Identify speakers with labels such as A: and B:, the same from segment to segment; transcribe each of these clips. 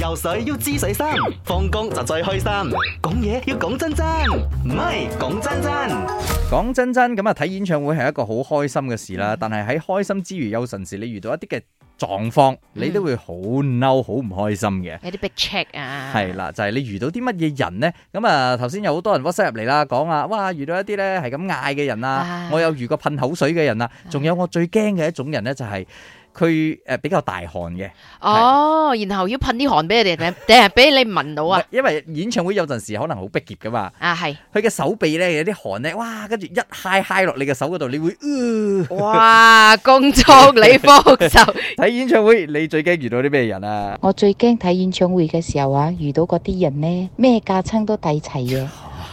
A: 遊水要知水深，放工就最開心。講嘢要講真真，唔係講真真。講真真咁啊，睇演唱會係一個好開心嘅事啦。嗯、但係喺開心之餘，有陣時你遇到一啲嘅狀況，你都會好嬲，好唔開心嘅。
B: 有啲被 check 啊，係
A: 啦，就係、是、你遇到啲乜嘢人呢？咁啊，頭先有好多人 WhatsApp 入嚟啦，講啊，哇，遇到一啲呢係咁嗌嘅人啊，我有遇過噴口水嘅人啊，仲有我最驚嘅一種人呢，就係、是。佢誒比較大汗嘅，哦、oh, 是，然後要噴啲汗俾人哋，定係俾你聞到啊？因為演唱會有陣時可能好逼傑噶嘛，啊係、uh, 是，佢嘅手臂咧有啲汗咧，哇，跟住一揩揩落你嘅手嗰度，你會、呃，哇，
B: 恭祝你福壽！睇演
A: 唱會，你最驚遇到啲咩人啊？
B: 我最驚睇演唱會嘅時候啊，遇到嗰啲人咧、啊，咩架親都抵齊嘅。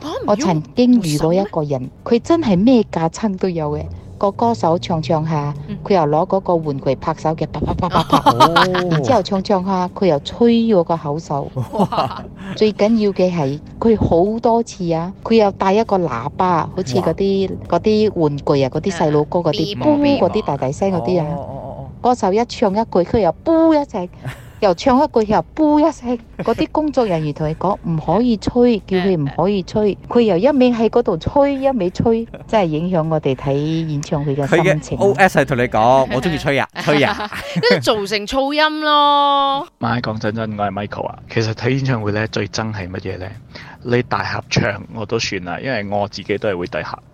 B: 啊、我曾經遇到一個人，佢真係咩架親都有嘅。個歌手唱唱下，佢又攞嗰個玩具拍手嘅，啪啪啪啪啪，然之後唱唱下，佢又吹咗個口哨。 最緊要嘅係佢好多次啊，佢又帶一個喇叭，好似嗰啲嗰啲玩具啊，嗰啲細佬哥嗰啲，嗰啲、啊、大大聲嗰啲啊。哦哦、歌手一唱一句，佢又卟一聲。又唱一句又吹一聲，嗰啲工作人員同你講唔可以吹，叫佢唔可以吹。佢又一面喺嗰度吹，一面吹，真係影響我哋睇演
C: 唱會嘅心情。OS 係同你講，我中意吹啊，吹啊，因
A: 為 造
B: 成噪音咯。
C: 唔係講真真，我係 Michael 啊。其實睇演唱會咧，最憎係乜嘢咧？你大合唱我都算啦，因為我自己都係會大合唱。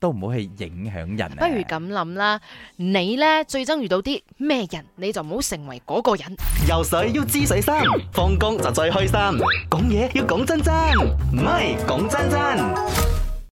A: 都唔好去影響人啊。不如
B: 咁諗啦，你呢，最憎遇到啲咩人，你就唔好成為
A: 嗰個人。游水，要知水深，放工就最開心。講嘢要講真真，唔係講真真。